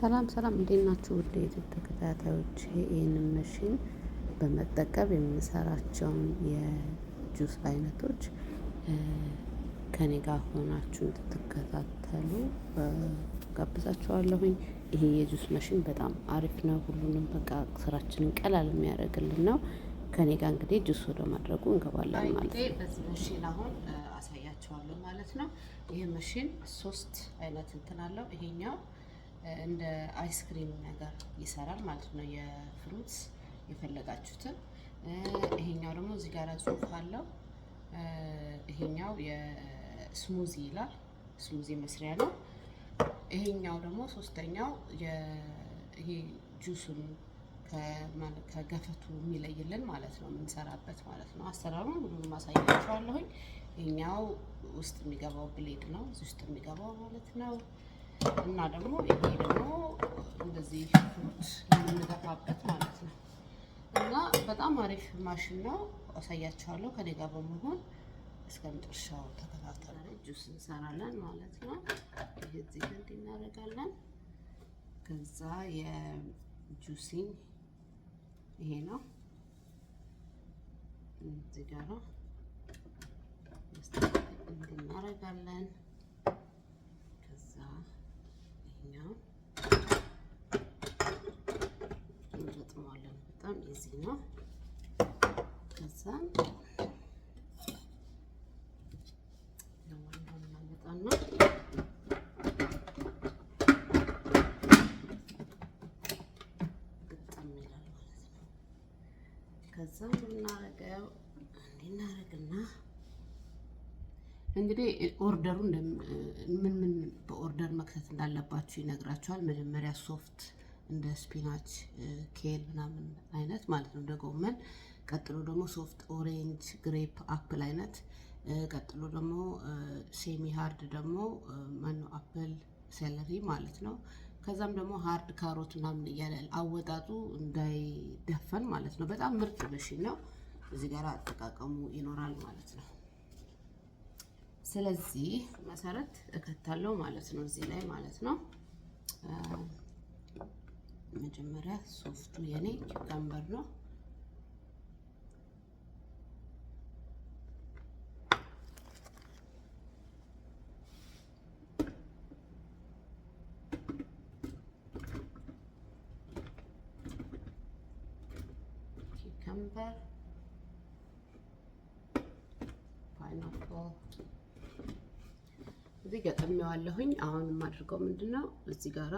ሰላም ሰላም እንዴት ናችሁ? ውድ የዩቲዩብ ተከታታዮች ይህን መሽን በመጠቀም የምንሰራቸውን የጁስ አይነቶች ከኔ ጋር ሆናችሁ እንድትከታተሉ ጋብዛችኋለሁኝ። ይሄ የጁስ መሽን በጣም አሪፍ ነው። ሁሉንም በቃ ስራችንን ቀላል የሚያደርግልን ነው። ከኔ ጋር እንግዲህ ጁስ ወደ ማድረጉ እንገባለን ማለት ነው። በዚህ መሽን አሁን አሳያቸዋለሁ ማለት ነው። ይህ መሽን ሶስት አይነት እንትን አለው ይሄኛው እንደ አይስክሪም ነገር ይሰራል ማለት ነው። የፍሩትስ የፈለጋችሁትን። ይሄኛው ደግሞ እዚህ ጋር ጽሁፍ አለው። ይሄኛው የስሙዚ ይላል። ስሙዚ መስሪያ ነው። ይሄኛው ደግሞ ሶስተኛው ይሄ ጁሱን ከገፈቱ የሚለይልን ማለት ነው የምንሰራበት ማለት ነው። አሰራሩን ሁሉንም አሳያችኋለሁኝ። ይሄኛው ውስጥ የሚገባው ብሌድ ነው፣ እዚህ ውስጥ የሚገባው ማለት ነው። እና ደግሞ ይሄ ደግሞ እንደዚህ ፍሩት የምንገፋበት ማለት ነው። እና በጣም አሪፍ ማሽን ነው። አሳያችኋለሁ ከኔ ጋር በመሆን እስከ መጨረሻው ተከታተሉ። ጁስ እንሰራለን ማለት ነው። ይሄ እዚህ እንዲህ እናደርጋለን። ከዛ የጁሲን ይሄ ነው እዚህ ጋር እንዲህ እናደርጋለን ከዛ ይሄኛው እንገጥመዋለን። በጣም ኢዚ ነው። ከዛም ከዛ የምናረገው እንዲናረግና እንግዲህ ኦርደሩ ምን ምን በኦርደር መክተት እንዳለባችሁ ይነግራችኋል። መጀመሪያ ሶፍት እንደ ስፒናች፣ ኬል ምናምን አይነት ማለት ነው እንደ ጎመን። ቀጥሎ ደግሞ ሶፍት ኦሬንጅ፣ ግሬፕ አፕል አይነት። ቀጥሎ ደግሞ ሴሚ ሀርድ ደግሞ ማነው አፕል፣ ሰለሪ ማለት ነው። ከዛም ደግሞ ሀርድ ካሮት ምናምን እያለ አወጣጡ እንዳይደፈን ማለት ነው። በጣም ምርጥ መሽን ነው። እዚህ ጋር አጠቃቀሙ ይኖራል ማለት ነው። ስለዚህ መሰረት እከታለሁ ማለት ነው፣ እዚህ ላይ ማለት ነው። መጀመሪያ ሶፍቱ የኔ ኪውካምበር ነው። ኪውካምበር ፓይናፕል እዚህ ገጥሜዋለሁኝ። አሁን የማደርገው ምንድን ነው እዚህ ጋራ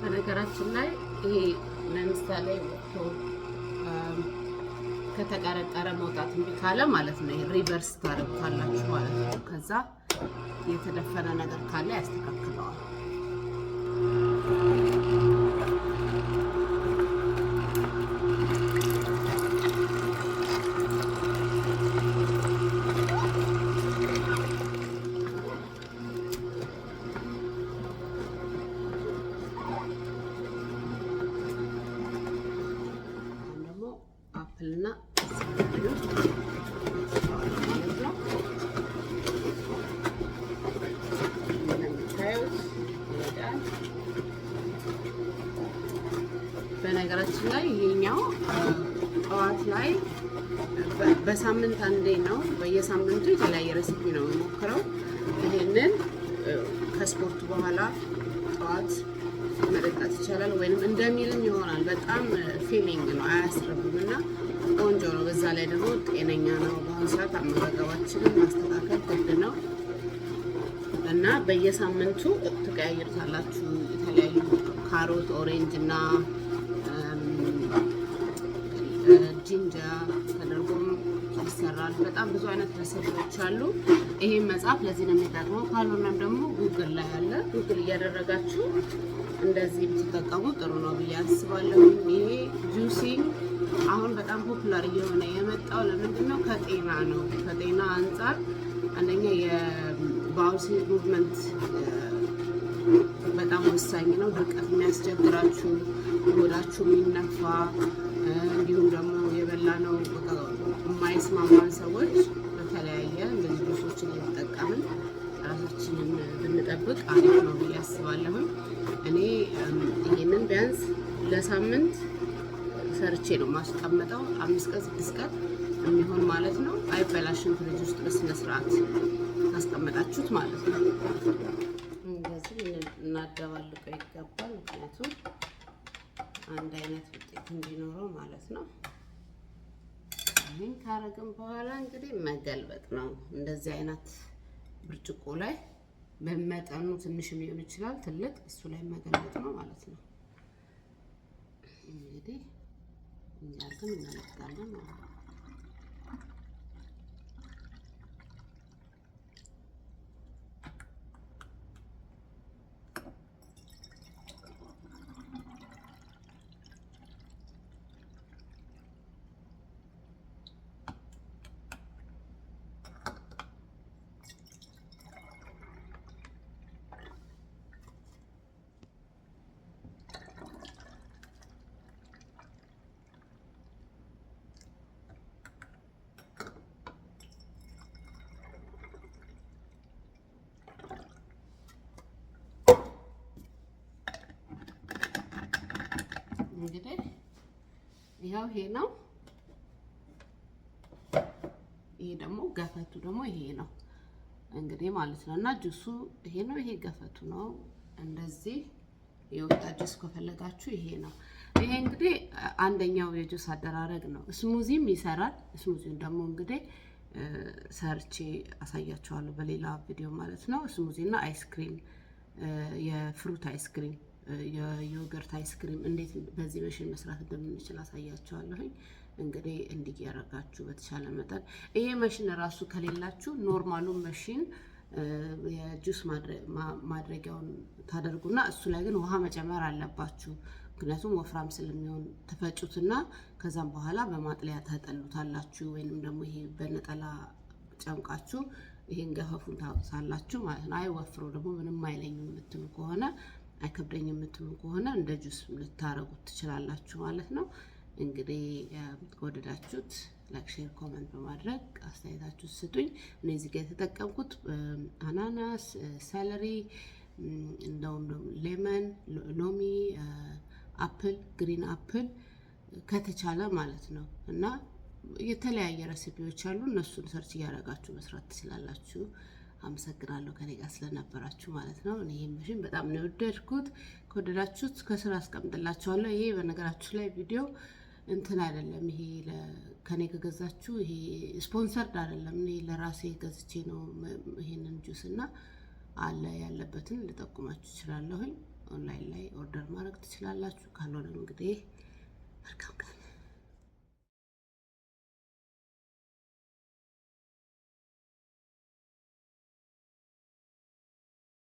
በነገራችን ላይ ይሄ ለምሳሌ ወጥቶ ከተቀረቀረ መውጣት እምቢ ካለ ማለት ነው ሪቨርስ ታደርጉታላችሁ ማለት ነው። ከዛ የተደፈነ ነገር ካለ ያስተካክለዋል። በነገራችን ላይ ይሄኛው ጠዋት ላይ በሳምንት አንዴ ነው። በየሳምንቱ የተለያየ ረሲፒ ነው የሞክረው። ይሄንን ከስፖርት በኋላ ጠዋት መጠጣት ይቻላል፣ ወይም እንደሚልም ይሆናል። በጣም ፊሊንግ ነው፣ አያስርብም እና ቆንጆ ነው። በዛ ላይ ደግሞ ጤነኛ ነው። በአሁኑ ሰዓት አመጋገባችንን ማስተካከል ግድ ነው እና በየሳምንቱ ትቀያይሩታላችሁ የተለያዩ ካሮት፣ ኦሬንጅ እና ጂንጀር ተደርጎም ይሰራል። በጣም ብዙ አይነት ረሰቶች አሉ። ይህም መጽሐፍ ለዚህ ነው የሚጠቅመው። ካልሆነም ደግሞ ጉግል ላይ አለ። ጉግል እያደረጋችሁ እንደዚህ ብትጠቀሙ ጥሩ ነው ብዬ አስባለሁ። ይሄ ጁሲ አሁን በጣም ፖፑላር እየሆነ የመጣው ለምንድን ነው? ከጤና ነው። ከጤና አንጻር አንደኛ የባውሲ ሙቭመንት በጣም ወሳኝ ነው። ድርቀት የሚያስቸግራችሁ፣ ወዳችሁ የሚነፋ ነው የማይስማማን ሰዎች በተለያየ እንደዚህ ጁሶችን እየተጠቀምን ራሳችንን ብንጠብቅ አሪፍ ነው ብዬ አስባለሁ። እኔ ይህንን ቢያንስ ለሳምንት ሰርቼ ነው ማስቀመጠው። አምስት ቀን ስድስት ቀን የሚሆን ማለት ነው። አይበላሽም። ፍሪጅ ውስጥ በስነ ስርዓት ካስቀመጣችሁት ማለት ነው። እንደዚህ እናደባልቀው ይገባል። ምክንያቱም አንድ አይነት ውጤት እንዲኖረው ማለት ነው። ይህን ካረግን በኋላ እንግዲህ መገልበጥ ነው። እንደዚህ አይነት ብርጭቆ ላይ በመጠኑ ትንሽ ሊሆን ይችላል ትልቅ፣ እሱ ላይ መገልበጥ ነው ማለት ነው። እንግዲህ እኛ እናመጣለን ማለት ነው። እንግዲህ ይኸው ይሄ ነው። ይሄ ደግሞ ገፈቱ ደግሞ ይሄ ነው እንግዲህ ማለት ነው። እና ጁሱ ይሄ ነው። ይሄ ገፈቱ ነው። እንደዚህ የወጣ ጁስ ከፈለጋችሁ ይሄ ነው። ይሄ እንግዲህ አንደኛው የጁስ አደራረግ ነው። ስሙዚም ይሰራል። ስሙዚውን ደግሞ እንግዲህ ሰርቼ አሳያችኋለሁ በሌላ ቪዲዮ ማለት ነው። ስሙዚ እና አይስክሪም የፍሩት አይስክሪም የዮገርት አይስክሪም እንዴት በዚህ መሽን መስራት እንደምንችል አሳያቸዋለሁኝ። እንግዲህ እንዲህ ያረጋችሁ በተቻለ መጠን ይሄ መሽን ራሱ ከሌላችሁ ኖርማሉን መሽን የጁስ ማድረጊያውን ታደርጉና እሱ ላይ ግን ውሃ መጨመር አለባችሁ። ምክንያቱም ወፍራም ስለሚሆን ትፈጩትና ከዛም በኋላ በማጥለያ ታጠሉታላችሁ። ወይንም ደግሞ ይሄ በነጠላ ጨምቃችሁ ይህን ገፈፉን ታውሳላችሁ ማለት ነው። አይ ወፍሮ ደግሞ ምንም አይለኝም የምትሉ ከሆነ አይከብደኝ የምትሉ ከሆነ እንደ ጁስ ልታረጉት ትችላላችሁ ማለት ነው። እንግዲህ ከወደዳችሁት ላይክ፣ ሼር፣ ኮመንት በማድረግ አስተያየታችሁ ስጡኝ። እኔ እዚህ ጋ የተጠቀምኩት አናናስ፣ ሰለሪ፣ እንደውም ሌመን፣ ሎሚ፣ አፕል፣ ግሪን አፕል ከተቻለ ማለት ነው እና የተለያየ ረሲፒዎች አሉ። እነሱን ሰርች እያደረጋችሁ መስራት ትችላላችሁ። አመሰግናለሁ ከኔ ጋር ስለነበራችሁ ማለት ነው። ይህ መሽን በጣም ነው የወደድኩት። ከወደዳችሁት ከስራ አስቀምጥላችኋለሁ። ይሄ በነገራችሁ ላይ ቪዲዮ እንትን አይደለም። ይሄ ከኔ ከገዛችሁ ይሄ ስፖንሰርድ አይደለም። ይሄ ለራሴ ገዝቼ ነው ይሄንን ጁስ እና አለ ያለበትን ልጠቁማችሁ እችላለሁኝ። ኦንላይን ላይ ኦርደር ማድረግ ትችላላችሁ። ካልሆነም እንግዲህ መልካም